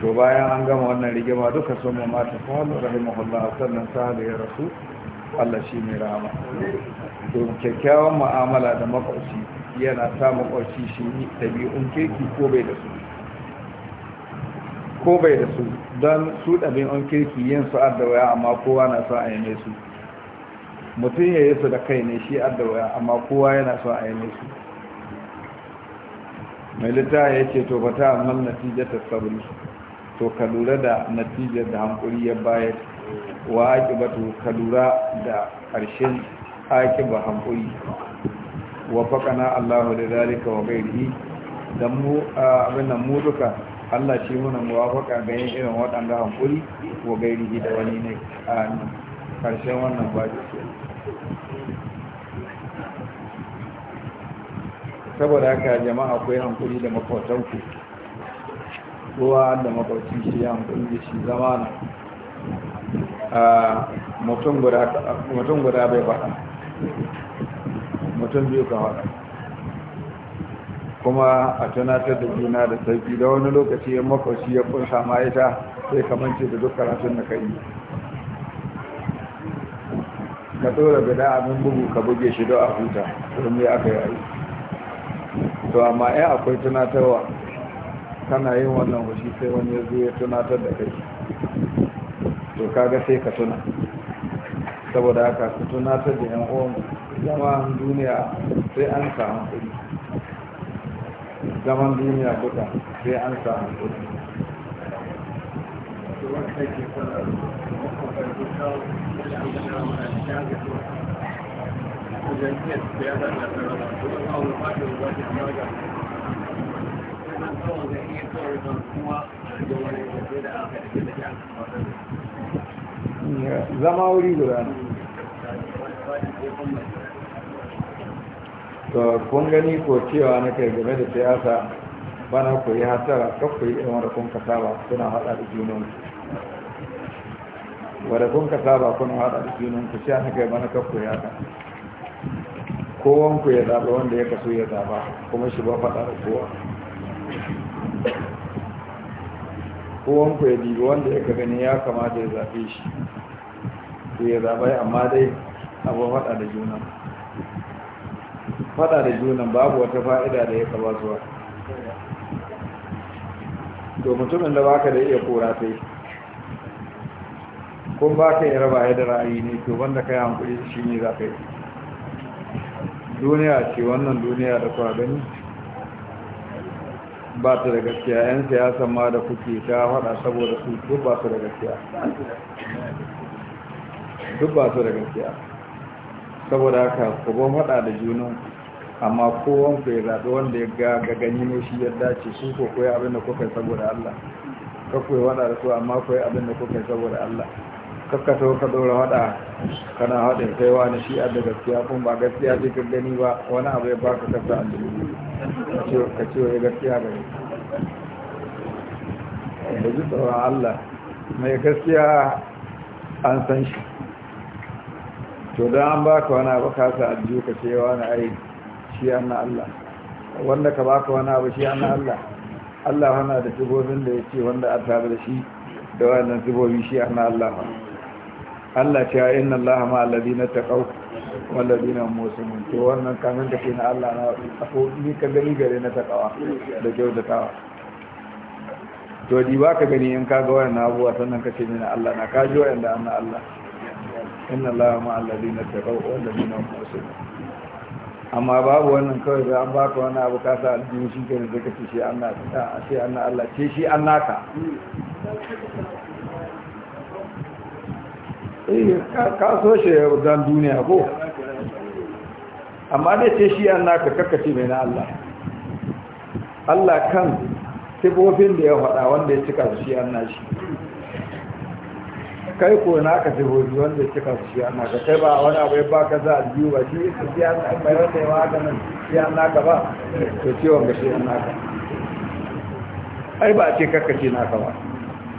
to bayan an gama wannan rigima duka sun mamata falu rahimahullah sannan sa'adu ya rasu Allah shi mai rama. don kyakkyawan ma'amala da makwarci yana sa makwarci shi ɗabi'un kirki ko bai da su ko bai da su don su ɗabi'un kirki yin su addawaya amma kowa na son a yi su mutum ya yi su da kai ne shi addawaya amma kowa yana sa a yi su mai littaya ya ce to ba ta amma natija ta sabulu to ka lura da natijar da hankuri ya bayar wa akibatu ka lura da ƙarshen ba hankuri wa faƙana allahu da zalika wa rihi! don mu abin nan mu duka allah shi muna muwafaka ga yin irin waɗanda hankuri wa rihi da wani ne a ƙarshen wannan babu saboda haka jama'a akwai hankuri da makwatanku kowa da makwacin shi ya hankali da shi zama na mutum guda bai faɗa mutum biyu ka faɗa kuma a tunatar da juna da sarki da wani lokaci ya makwaci ya kunsa ma ta, sai kamance da duk karatun da ka yi ka tsoro bida abin bugu ka buge shi don a huta domin aka yi to amma ya akwai tunatarwa kana yin wannan hushi sai wani ya zo ya tunatar da kai to kaga sai ka tuna saboda haka ka tunatar da yan uwan zaman duniya sai an samu kuɗi zaman duniya buɗa sai an samu kuɗi Thank you. zama wuri guda to kun gani ko cewa na kai game da siyasa bana ku yi hasara kakku yi irin wadda kun ba kuna haɗa da junan wadda kun ba kuna hada da junan ku sha na kai bana kakku yi haka kowanku ya zaɓa wanda ya kaso ya zaɓa kuma shi ba faɗa da kowa kowanku ya dibi wanda ya gani ya kamata ya zaɓe shi ko ya zabai amma dai abu faɗa da juna faɗa da juna babu wata fa'ida da ya kaba zuwa to mutumin da baka da iya kora sai kun baka yi raba da ra'ayi ne to wanda ka yi hankuli shi ne za ka yi duniya ce wannan duniya da kwa gani ba ta da gaskiya yan siyasa ma da kuke ta hada saboda su duk ba su da gaskiya duk ba su da gaskiya saboda haka ku ban da junan amma kowan ku ya zaɓi wanda ya ga gani ne shi ya dace su ko koyi abin da kuka saboda Allah ka ku wada da su amma koyi abin da kuka saboda Allah kakkaso ka dora wada kana haɗin kaiwa na shi da gaskiya kuma ba gaskiya ce ka gani ba wani abu ya baka kasa a ka ce wa gaskiya ba ne da ji tsoron Allah mai gaskiya an san shi to don an baka wani abu kasa a jiyo ka ce wani ai shi an na Allah wanda ka baka wani abu shi an na Allah Allah wana da sibobin da ya ce wanda a tare da shi da wannan sibobi shi an na Allah Allah ce ya inna Allah ma alladina taqaw walladina muslimun to wannan kamin da ke na Allah na afo ni ka gani gare na taqawa da kyau da tawa to di ba ka gani in ka ga wannan abuwa sannan ka ce ni na Allah na ka ji wanda anna Allah inna Allah ma alladina taqaw walladina muslimun amma babu wannan kawai da an baka wani abu ka sa aljihu shi ke da zaka ce shi an naka ce anna Allah ce shi Eh, ka so shi dan duniya ko amma dai ce shi an naka kakkace mai na Allah Allah kan sifofin da ya faɗa wanda ya cika su shi an nashi kai ko naka sifofi wanda ya cika su shi an naka sai ba wani abu ya ba ka za a biyu ba shi shi an naka mai wanda ya waka nan shi an naka ba to ciwon ga shi an naka ai ba a ce kakkace naka ba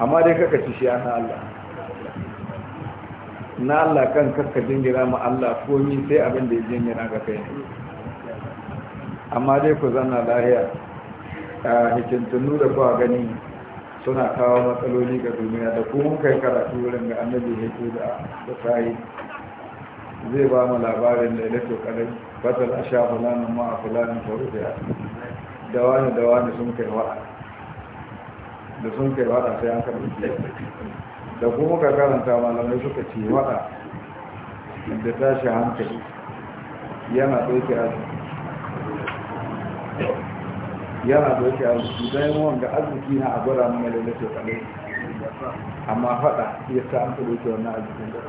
amma dai kakkace shi an na Allah na Allah kan kakka jingira ma Allah komi sai abin da ya jingira ga kai amma dai ku zanna lahiya a hikintunu da kuwa gani suna kawo matsaloli ga duniya da kuma kai karatu wurin ga annabi hito da da sahi zai ba mu labarin da ilato kadai batal a sha fulanin ma a fulanin farufiya da wani da wani sun kai wada da sun kai wada sai an karbi da kuma ka karanta malamai suka ce wada da tashi hankali yana doke arziki yana doke arziki don yi wanda arziki na agwara mai da lafi amma fada ya sa an ɗauke wannan arziki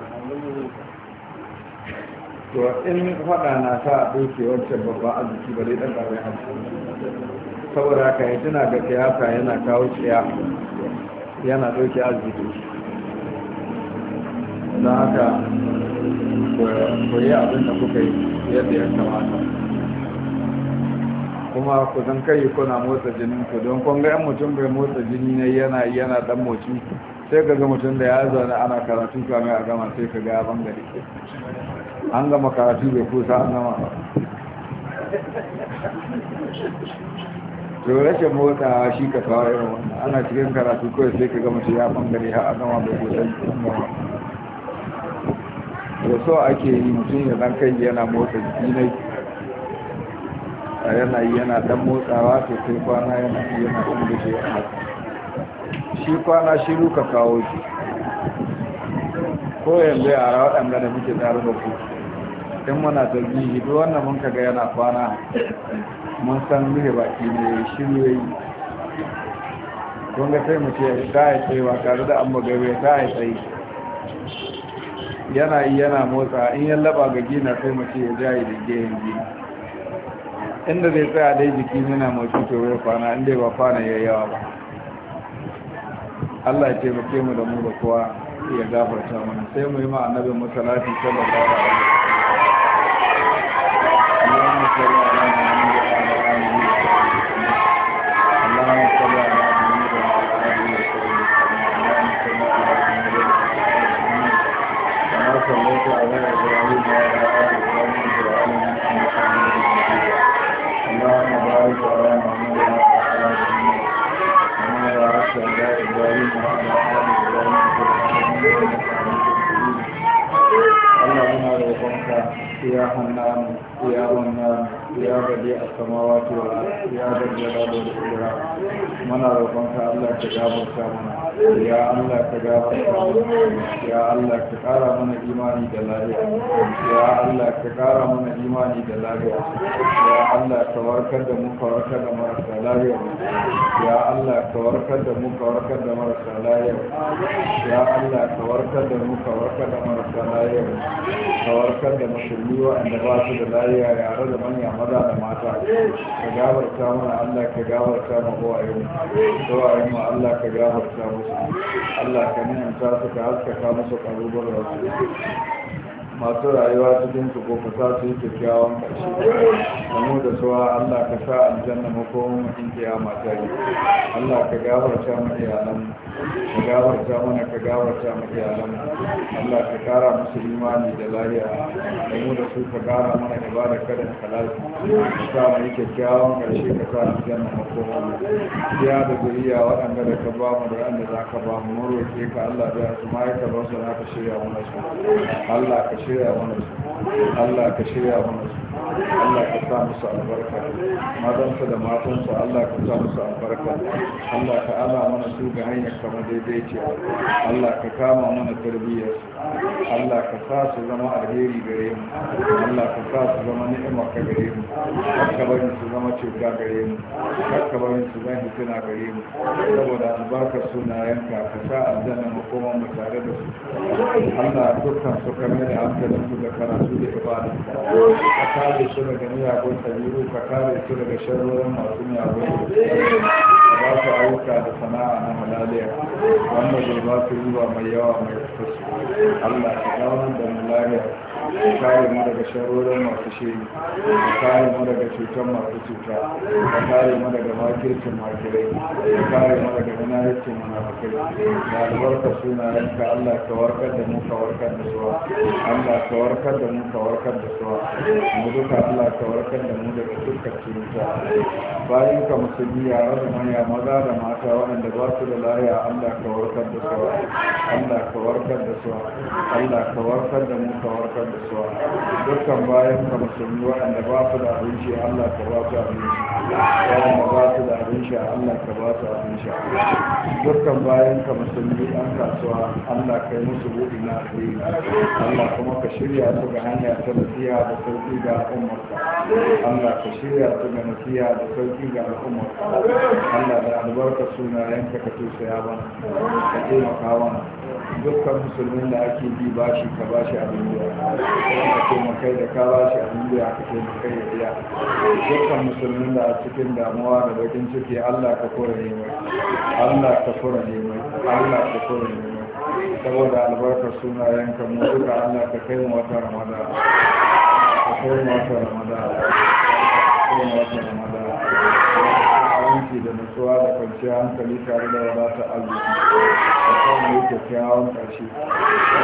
to in fada na sa a wancan babban arziki ba dai ɗan ƙarfin saboda ka yi tuna ga siyasa yana kawo ciya yana ɗauke arziki don haka ku yi abin da kuka yi yadda ya kamata kuma ku zan kai kuna motsa jinin ku don kun ga mutum bai motsa jini ne yana yana dan motsi sai ka ga mutum da ya zaune ana karatu kamar a gama sai ka ga ya bangare an gama karatu bai kusa an gama to rashin motsawa shi ka kawo irin wannan ana cikin karatu kawai sai ka gama shi ya bangare ha a gama bai kusa an gama da so ake yi mutum ya zan kai yana motsa jiki ne a yana yi yana dan motsawa to sai kwana yana yi yana dan guje a haka shi kwana shi ruka kawo shi ko yanzu rawa waɗanda da muke tsari da ku in muna tarbihi hidu wannan mun kaga yana kwana mun san zuwa baki ne shiru ya yi kun ga sai mu ce da ya tsaye ba tare da an bugabe ta ya tsaye yana yi yana motsa in ya laba ga gina sai mace ya ja da gehen gina inda zai tsaya dai jiki yana mace to ya kwana inda ba kwana ya yawa ba Allah ya taimake mu da mu da kowa ya gafarta mana sai mu yi ma annabin masalati saboda alaihi السماوات والأرض يا ذا الجلال والإكرام muna roƙonka Allah ka gabata mana ya Allah ka gabata mana ya Allah ka ƙara mana imani da lafiya ya Allah ka ƙara mana imani da lafiya ya Allah ka warkar da mu ka warkar da marasa lafiya ya Allah ka warkar da mu ka warkar da marasa lafiya ya Allah ka warkar da mu ka warkar da marasa lafiya ka warkar da musulmi da ba su da lafiya yare da manya maza da mata ka gabata mana Allah ka gabata mana Kawai, saurayin mu Allah ka gafarta musu Allah ka nimanta su ka haskaka musu karubar rasu masu rayuwa cikin su ko ka sa su yi kyakkyawan ƙarshe da suwa Allah ka sa aljanna makomin kiyama ta yi Allah ka gafarta mu iyalanmu ka ta mana ka gafarta maka yaran Allah ka kara musu imani da lafiya da mu da su ka kara mana bada kada ka lalace ka sa mu yi kyakkyawan karshe ka sa mu janna makoma ya da zuriya waɗanda da ka ba mu da wanda za ka ba mu ke ka Allah da su ma'aikatan su na ka shirya mana su Allah ka shirya mana su Allah ka shirya mana su Allah ka sa musu albarka matansu da matansa Allah ka sa musu albarka Allah ka ala mana su ga hanyar kama daidaiciya Allah ka kama mana tarbiyyar Allah ka sa su zama alheri gare mu Allah ka sa su zama ni'ima ka gare mu ka bari su zama cuta gare mu ka bari su zama hituna gare mu saboda albarkar sunayenka ka sa aljanna mu koma mu tare da su Allah dukkan su kamar da hankalin da karatu da ibada kare su daga miyagun ɗabi'u ka kare su daga sharorin masu miyagun ba su ayyuka da sana'a na halaliya wanda zai ba su ruwa mai yawa mai kasu allah ka dawo da mu lahiya ka kare mu daga sharorin masu shiri ka kare mu daga cutar masu cuta ka kare mu daga makircin makirai ka kare mu daga ganaricin munafukai da albarka sunayenka allah ka warkar da mu ka warkar da suwa allah ka warkar da mu ka warkar da suwa mu duka allah ka warkar da mu daga dukkan cuta bayan ka musulmi ya da manya maza da mata waɗanda ba su da lahiya Allah ka warkar da su Allah ka warkar da su Allah ka warkar da mu ka warkar da su dukkan bayan ka musulmi waɗanda ba su da abinci Allah ka ba su abinci waɗanda ba su da abinci Allah ka ba su abinci dukkan bayan ka musulmi ɗan kasuwa Allah ka yi musu buɗi na abin Allah kuma ka shirya su ga hanya ta nasiha da sauƙi ga al'ummarka Allah ka shirya su ga nasiha da sauƙi ga al'ummarka Allah da albarka sunayenka ka tausaya bana ka taimaka dukkan musulmin da ake bi bashi ka bashi abin biya kuma taimakai da ka bashi abin biya ka taimakai ya biya dukkan musulmin da a cikin damuwa da bakin ciki Allah ka kora ne mai Allah ka kora ne mai Allah ka kora ne mai saboda albarkar sunayenka mu duka Allah ka kai mu wata Ramadan ka kai mu wata Ramadan ka kai mu wata Ramadan aminci da nutsuwa da kwanciyar hankali tare da wadatar arziki a kan yi kyakkyawan ƙarshe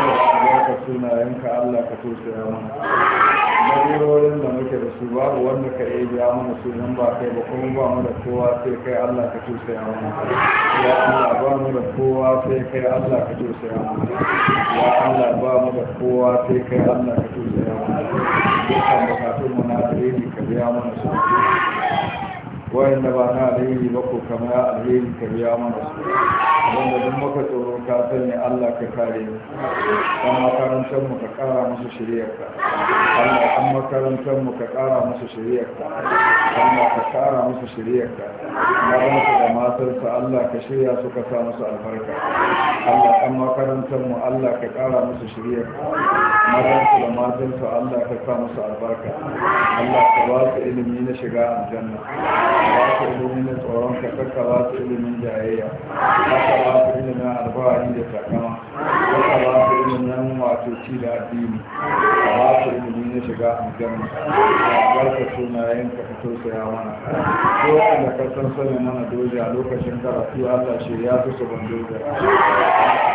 wanda suna yanka allah ka su yawon lalurorin da muke da su babu wanda ka iya biya mana sunan ba kai ba kuma ba mu da kowa sai kai allah ka su yawon ya allah ba mu da kowa sai kai allah ka su yawon ya allah ba mu da kowa sai kai allah ka tosaya mana dukkan bukatun mu na alheri ka biya mana su wayan da ba na alheri ba ko kama ya alheri ka biya mana su wanda duk maka tsoro ka sani Allah ka kare mu kan makarantar mu ka kara musu ka. Allah kan makarantar mu ka kara musu shiriyarka Allah ka kara musu shiriyarka mazan su da matar su Allah ka shirya su ka sa musu albarka Allah kan makarantar mu Allah ka kara musu shiriyarka mazan su da matar su Allah ka sa musu albarka Allah ka ba su ilimi na shiga aljanna ba su ilimin tsoron ka kakka su ilimin jayayya kakka ba su ilimin alfahari da takama kakka ba su ilimin wato ci da addini ka ba su ilimin na shiga aljanna albarka sunayen ka fito saya mana ko wanda ka san sani mana doja a lokacin karatu allah shi ya fi su ban doja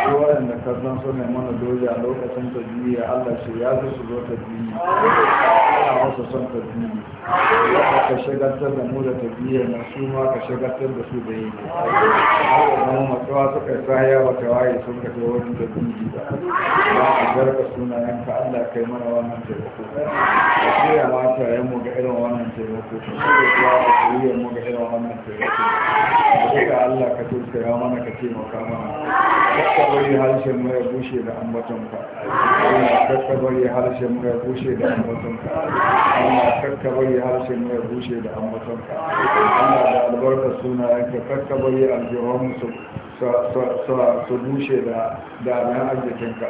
ko wanda ka san sani mana doja a lokacin tajiyya allah shi ya fi su zo tajiyya a wasu son tafiye ka shagartar da mu da tafiye na su ma ka shagartar da su da yi haka zama matsawa suka tsaya wa tawaye sun ka ta wani da kungi ba ba a garka sunayen ka allah kai mana wannan taimako ka shirya mata yan mu ga irin wannan taimako ka shirya kuwa ka shirya mu ga irin wannan taimako da suka allah ka tuskaya mana ka taimaka mana kakka bari harshen mu ya bushe da ambaton ka kakka bari harshen mu ya bushe da ambaton ka Amma karka bari harshen ya bushe da ambatonka Allah da albarkar sunayenka karka bari aljihon musu su bushe da nan arzikinka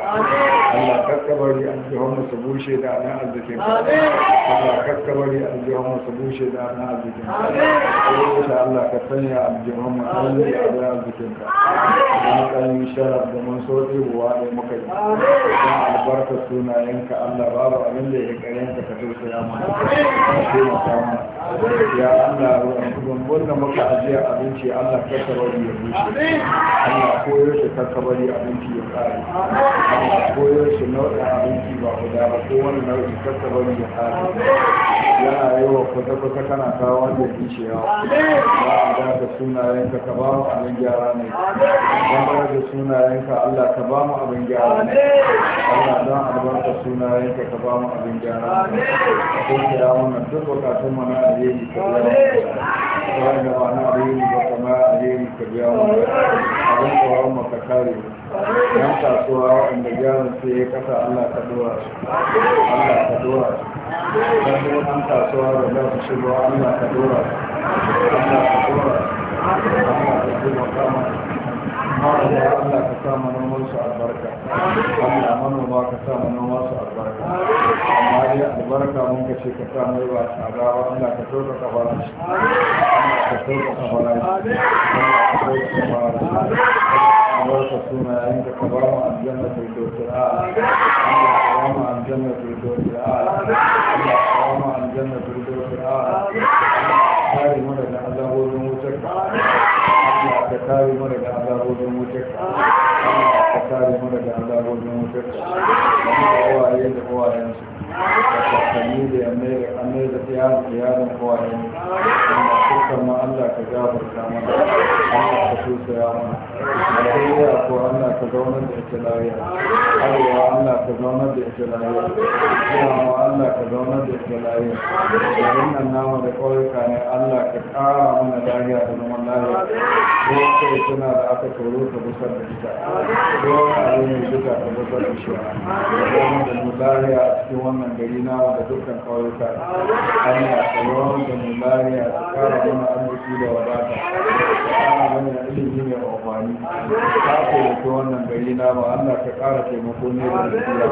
Allah kakkabari aljihonmu su bushe da nan arzikinka Allah kakkabari aljihonmu su bushe da nan arzikinka ka Allah ka sanya aljihonmu tsanni a da arzikinka na yi sharar da mun so ɗebuwa ne muka yi don albarka sunayenka Allah babu abin da ya ƙarenka ka tausaya mana ka taimaka mana ya Allah ruwan gudun muka ajiyar abinci Allah kakkabari ya bushe Allah koyo shi kakabari abinci ya kare Allah koyo shi nau'in abinci ba guda ba ko wani nau'in kakabari ya kare yana yi wa kwata-kwata kana kawo da kishiya ba a ba da sunayenka ka ba mu abin gyara ne don ba da sunayenka Allah ka ba mu abin gyara ne Allah don albarka sunayenka ka ba mu abin gyara ne kun kira wannan duk bukatun mana a yi ka biya mu ba da ba na abin yi ba ma alheri ka biya mu abin tsoron mu ka kare yan kasuwa waɗanda jarin su ya kasa Allah ka dora su Allah ka dora su dan wannan kasuwa da za su shigo Allah ka dora Allah ka dora Allah ka dora kama. Allah ka Allah ka dora su albarka Allah manoma ka sa manoma su albarka amma dai albarka mun ka ce ka sa mai ba tsada ba Allah ka sauka ka fara shi Allah ka sauka ka fara shi Allah ka sauka ka fara shi albarka suna yayin da ka ba mu aljanna da dokar Allah ka ba mu aljanna da dokar Allah ka ba mu aljanna da dokar Allah ka kare mana daga azabodin wutar ka Allah ka kare mana daga azabodin wutar ka ka kare mu daga azabobin wutar da mu da yi da wawayensu kakanni da yammai da kannai da tiyarin tiyarin kowane wanda suka ma Allah ka gafarta mana Allah ka tusa ya mana Najeriya ko Allah ka zaunar da ita lafiya Arewa Allah ka zaunar da ita lafiya Kiyama Allah ka zaunar da ita lafiya Garin nan nama da ƙauyuka ne Allah ka ƙara mana lafiya da zaman lafiya ko kai suna da aka toro ka busar da ita ko yi da duka ka busar da shi da kuma da lafiya a cikin wannan wannan gari na da dukkan kauyuka Allah ka yawan da mu lariya ka kara mana arziki da wadata ka kara mana ilimi mai amfani ka taimaki wannan gari na mu Allah ka kara taimako ne da nasiha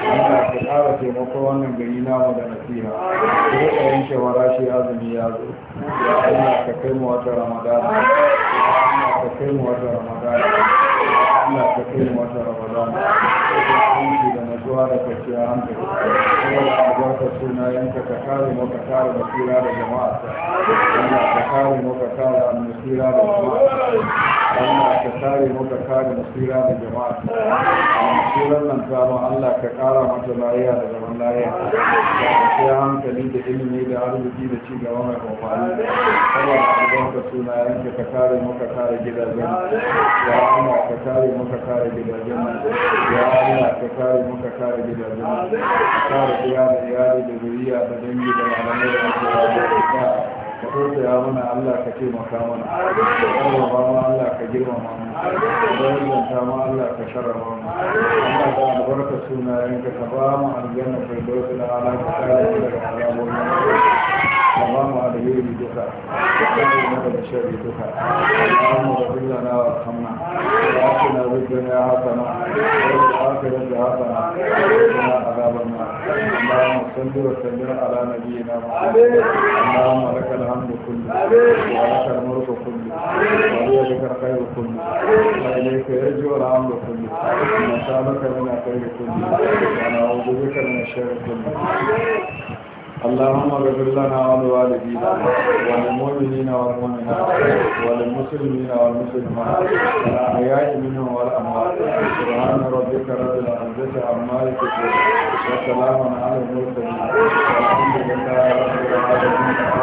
Allah ka kara taimako wannan gari na da nasiha ka rika yanke warashi azumi ya zo ya Allah ka kai mu wata ramadana Allah ka kai mu wata ramadana Allah ka kai mu wata ramadana nutsuwa da acá no no acá, de Allah ka kare mu ka kare masira da jama'a masiran nan ta mu Allah ka kara mata lafiya da zaman lafiya da kai hankali da ilimi da arziki da ci gaba mai amfani kada ka banka suna yanke ka kare mu ka kare gidajen ya Allah ka kare mu ka kare gidajen ya Allah ka kare mu ka kare gidajen ka kare iyali da zuriya da dangi da malamai da masu da ka tausaya mana Allah ka ce maka mana karraba ma Allah ka girmama mu ta ma Allah ka sharraba mu Allah ka albarka suna sunayen ka ka ba mu aljanna firdausi da ala ka kare mu daga azabun ka ba mu alheri duka ka kare mu daga sharri duka Allahumma rabbana wa arhamna wa atina bid dunya hasana wa آخرة حسنة وقنا عذاب النار اللهم صل وسلم على نبينا محمد اللهم لك الحمد كله ولك الملك كله وليدك الخير كله وإليك يرجع الأمر كله نسألك من الخير كله ونعوذ بك من الشر كله اللهم اغفر لنا ولوالدينا وللمؤمنين والمؤمنات وللمسلمين والمسلمات الاحياء منهم والاموات سبحان ربك رب العزه عما يصفون وسلام على المرسلين والحمد لله رب العالمين